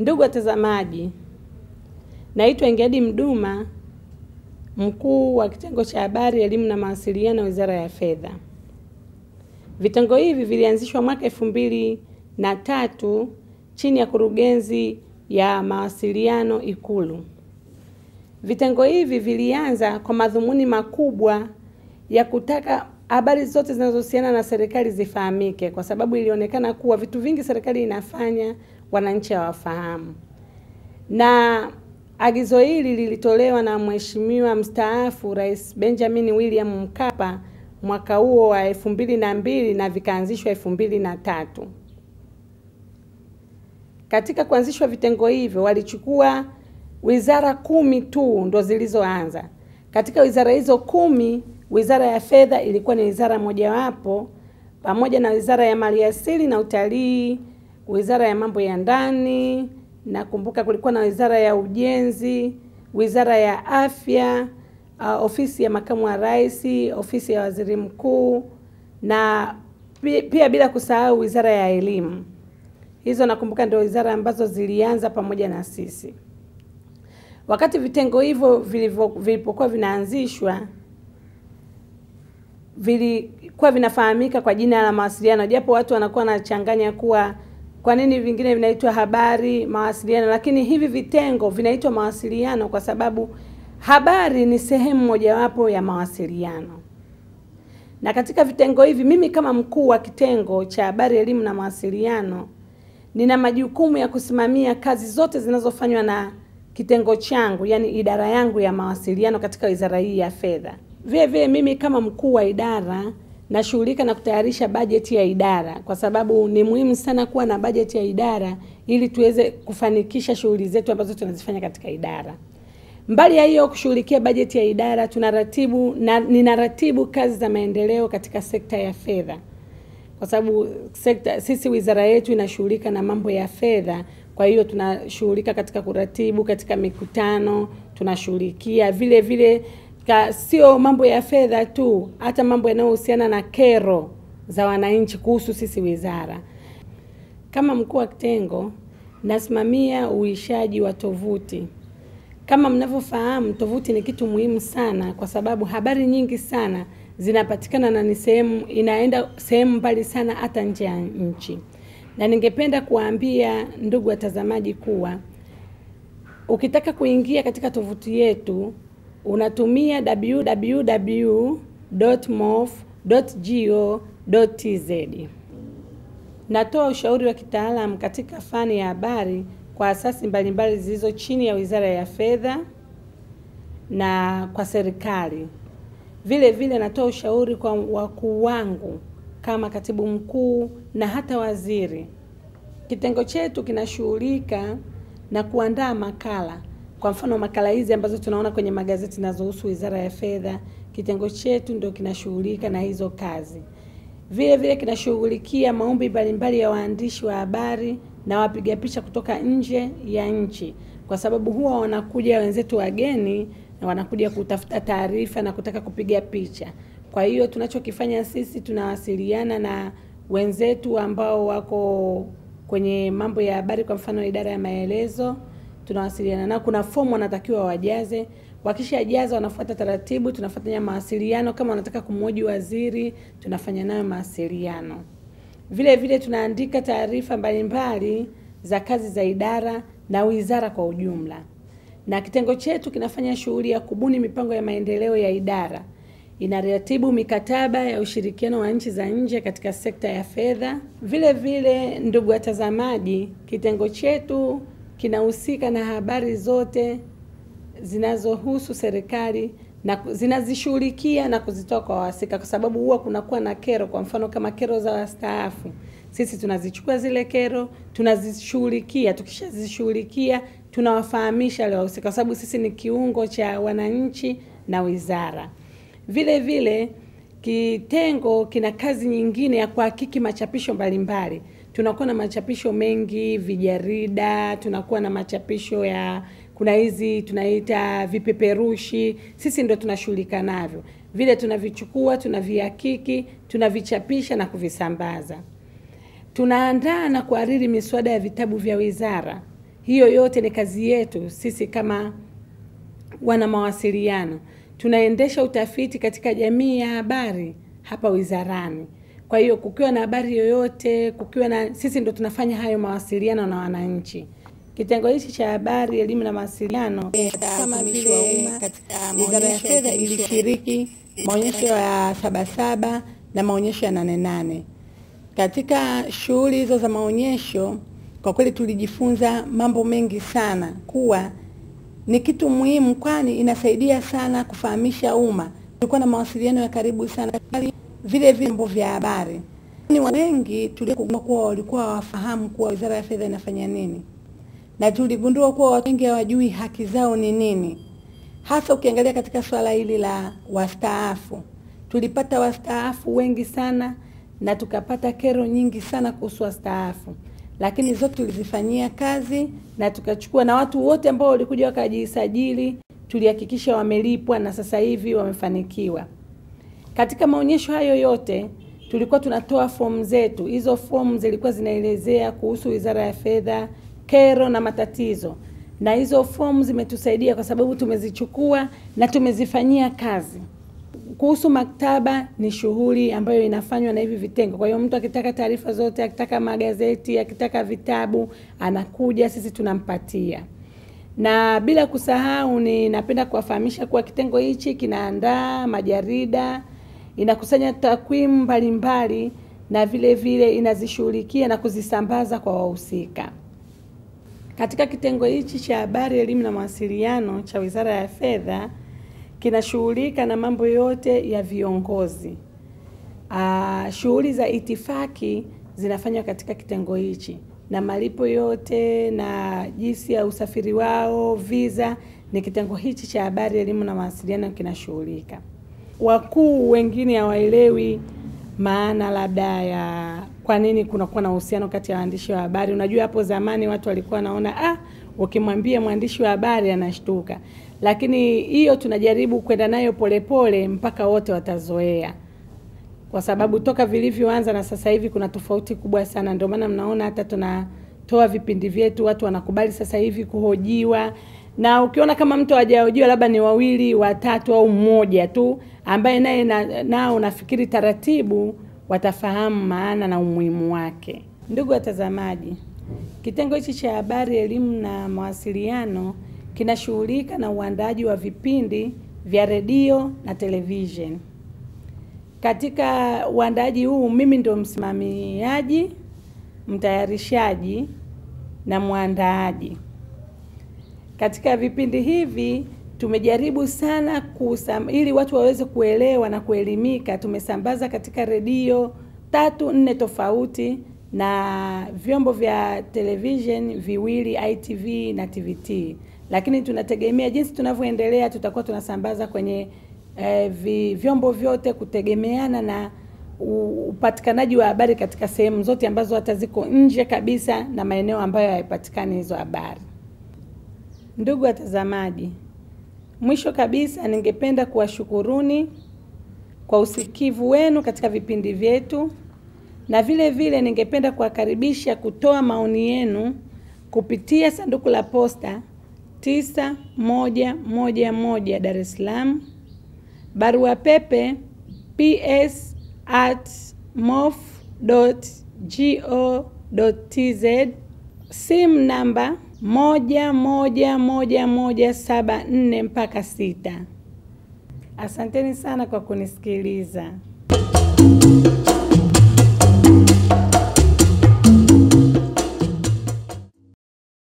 Ndugu watazamaji, naitwa Engedi Mduma, mkuu wa kitengo cha habari, elimu na mawasiliano, Wizara ya Fedha. Vitengo hivi vilianzishwa mwaka elfu mbili na tatu chini ya kurugenzi ya mawasiliano Ikulu. Vitengo hivi vilianza kwa madhumuni makubwa ya kutaka habari zote zinazohusiana na serikali zifahamike, kwa sababu ilionekana kuwa vitu vingi serikali inafanya wananchi hawafahamu. Na agizo hili lilitolewa na Mheshimiwa mstaafu Rais Benjamin William Mkapa mwaka huo wa elfu mbili na mbili na vikaanzishwa elfu mbili na tatu. Katika kuanzishwa vitengo hivyo walichukua wizara kumi tu ndo zilizoanza. Katika wizara hizo kumi, wizara ya fedha ilikuwa ni wizara mojawapo, pamoja na wizara ya maliasili na utalii wizara ya mambo ya ndani, nakumbuka kulikuwa na wizara ya ujenzi, wizara ya afya, uh, ofisi ya makamu wa rais, ofisi ya waziri mkuu na pia bila kusahau wizara ya elimu. Hizo nakumbuka ndio wizara ambazo zilianza pamoja na sisi. Wakati vitengo hivyo vilipokuwa vinaanzishwa vilikuwa vinafahamika kwa jina la mawasiliano, japo watu wanakuwa wanachanganya kuwa kwa nini vingine vinaitwa habari, mawasiliano, lakini hivi vitengo vinaitwa mawasiliano kwa sababu habari ni sehemu mojawapo ya mawasiliano. Na katika vitengo hivi, mimi kama mkuu wa kitengo cha habari, elimu na mawasiliano, nina majukumu ya kusimamia kazi zote zinazofanywa na kitengo changu, yani idara yangu ya mawasiliano katika wizara hii ya fedha. Vile vile mimi kama mkuu wa idara nashughulika na kutayarisha bajeti ya idara, kwa sababu ni muhimu sana kuwa na bajeti ya idara ili tuweze kufanikisha shughuli zetu ambazo tunazifanya katika idara. Mbali ya hiyo kushughulikia bajeti ya idara, tunaratibu na ninaratibu kazi za maendeleo katika sekta ya fedha, kwa sababu sekta, sisi wizara yetu inashughulika na mambo ya fedha. Kwa hiyo tunashughulika katika kuratibu, katika mikutano tunashughulikia vile vile ka sio mambo ya fedha tu, hata mambo yanayohusiana na kero za wananchi kuhusu sisi wizara. Kama mkuu wa kitengo nasimamia uishaji wa tovuti. Kama mnavyofahamu, tovuti ni kitu muhimu sana, kwa sababu habari nyingi sana zinapatikana na ni sehemu inaenda sehemu mbali sana, hata nje ya nchi. Na ningependa kuwaambia ndugu watazamaji kuwa ukitaka kuingia katika tovuti yetu unatumia www.mof.go.tz. Natoa ushauri wa kitaalamu katika fani ya habari kwa asasi mbalimbali zilizo chini ya Wizara ya Fedha na kwa serikali. Vile vile natoa ushauri kwa wakuu wangu kama katibu mkuu na hata waziri. Kitengo chetu kinashughulika na kuandaa makala kwa mfano makala hizi ambazo tunaona kwenye magazeti zinazohusu Wizara ya Fedha, kitengo chetu ndio kinashughulika na hizo kazi. Vile vile kinashughulikia maombi mbalimbali ya waandishi wa habari na wapiga picha kutoka nje ya nchi, kwa sababu huwa wanakuja wenzetu wageni na wanakuja kutafuta taarifa na kutaka kupiga picha. Kwa hiyo tunachokifanya sisi, tunawasiliana na wenzetu ambao wako kwenye mambo ya habari, kwa mfano idara ya maelezo tunawasiliana nao. Kuna fomu wanatakiwa wajaze, wakishajaza wanafuata taratibu, tunafanya mawasiliano. Kama wanataka kumhoji waziri, tunafanya nayo mawasiliano. Vile vile tunaandika taarifa mbalimbali za kazi za idara na wizara kwa ujumla, na kitengo chetu kinafanya shughuli ya kubuni mipango ya maendeleo ya idara, inaratibu mikataba ya ushirikiano wa nchi za nje katika sekta ya fedha. Vile vile, ndugu watazamaji, kitengo chetu kinahusika na habari zote zinazohusu serikali na zinazishughulikia na kuzitoa kwa wahusika, kwa sababu huwa kunakuwa na kero. Kwa mfano kama kero za wastaafu, sisi tunazichukua zile kero, tunazishughulikia. Tukishazishughulikia tunawafahamisha wale wahusika, kwa sababu sisi ni kiungo cha wananchi na wizara. Vile vile kitengo kina kazi nyingine ya kuhakiki machapisho mbalimbali mbali tunakuwa na machapisho mengi, vijarida, tunakuwa na machapisho ya kuna hizi tunaita vipeperushi, sisi ndo tunashughulika navyo vile, tunavichukua tunavihakiki, tunavichapisha na kuvisambaza. Tunaandaa na kuhariri miswada ya vitabu vya wizara. Hiyo yote ni kazi yetu sisi kama wana mawasiliano. Tunaendesha utafiti katika jamii ya habari hapa wizarani. Kwa hiyo kukiwa na habari yoyote, kukiwa na sisi ndo tunafanya hayo mawasiliano na wananchi. Kitengo hichi cha habari, elimu na mawasiliano, eh, kama vile Wizara ya Fedha ilishiriki maonyesho ya Sabasaba na maonyesho ya Nane Nane. Katika shughuli hizo za maonyesho, kwa kweli tulijifunza mambo mengi sana, kuwa ni kitu muhimu, kwani inasaidia sana kufahamisha umma. Tulikuwa na mawasiliano ya karibu sana vile vyombo vya habari. Ni wengi tulikuwa kuwa walikuwa wafahamu kuwa Wizara ya Fedha inafanya nini, na tuligundua kuwa watu wengi hawajui haki zao ni nini, hasa ukiangalia katika swala hili la wastaafu. Tulipata wastaafu wengi sana na tukapata kero nyingi sana kuhusu wastaafu, lakini zote tulizifanyia kazi na tukachukua, na watu wote ambao walikuja wakajisajili tulihakikisha wamelipwa na sasa hivi wamefanikiwa. Katika maonyesho hayo yote tulikuwa tunatoa fomu zetu. Hizo fomu zilikuwa zinaelezea kuhusu Wizara ya Fedha, kero na matatizo, na hizo fomu zimetusaidia kwa sababu tumezichukua na tumezifanyia kazi. Kuhusu maktaba ni shughuli ambayo inafanywa na hivi vitengo. Kwa hiyo mtu akitaka taarifa zote, akitaka magazeti, akitaka vitabu, anakuja sisi tunampatia. Na bila kusahau, ninapenda kuwafahamisha kuwa kitengo hichi kinaandaa majarida inakusanya takwimu mbalimbali na vile vile inazishughulikia na kuzisambaza kwa wahusika. Katika kitengo hichi cha habari, elimu na mawasiliano cha Wizara ya Fedha kinashughulika na mambo yote ya viongozi. Aa, ah, shughuli za itifaki zinafanywa katika kitengo hichi na malipo yote na jinsi ya usafiri wao, visa, ni kitengo hichi cha habari, elimu na mawasiliano kinashughulika wakuu wengine hawaelewi maana labda ya kwa nini kunakuwa na uhusiano kati ya waandishi wa habari. Unajua hapo zamani watu walikuwa wanaona ah, ukimwambia mwandishi wa habari anashtuka, lakini hiyo tunajaribu kwenda nayo polepole mpaka wote watazoea, kwa sababu toka vilivyoanza na sasa hivi kuna tofauti kubwa sana. Ndio maana mnaona hata tuna tunatoa vipindi vyetu, watu wanakubali sasa hivi kuhojiwa na ukiona kama mtu hajahojiwa labda ni wawili watatu au mmoja tu ambaye naye na, nao nafikiri taratibu watafahamu maana na umuhimu wake. Ndugu watazamaji, kitengo hichi cha habari, elimu na mawasiliano kinashughulika na uandaaji wa vipindi vya redio na televishen Katika uandaaji huu mimi ndio msimamiaji, mtayarishaji na mwandaaji. Katika vipindi hivi tumejaribu sana kusam, ili watu waweze kuelewa na kuelimika. Tumesambaza katika redio tatu nne tofauti na vyombo vya television viwili ITV na TVT, lakini tunategemea jinsi tunavyoendelea tutakuwa tunasambaza kwenye eh, vi, vyombo vyote kutegemeana na upatikanaji wa habari katika sehemu zote ambazo hata ziko nje kabisa na maeneo ambayo haipatikani hizo habari. Ndugu watazamaji, mwisho kabisa, ningependa kuwashukuruni kwa usikivu wenu katika vipindi vyetu, na vile vile ningependa kuwakaribisha kutoa maoni yenu kupitia sanduku la posta 9111 Dar es Salaam, barua pepe ps at mof.go.tz, simu namba 111174 mpaka 6. Asanteni sana kwa kunisikiliza.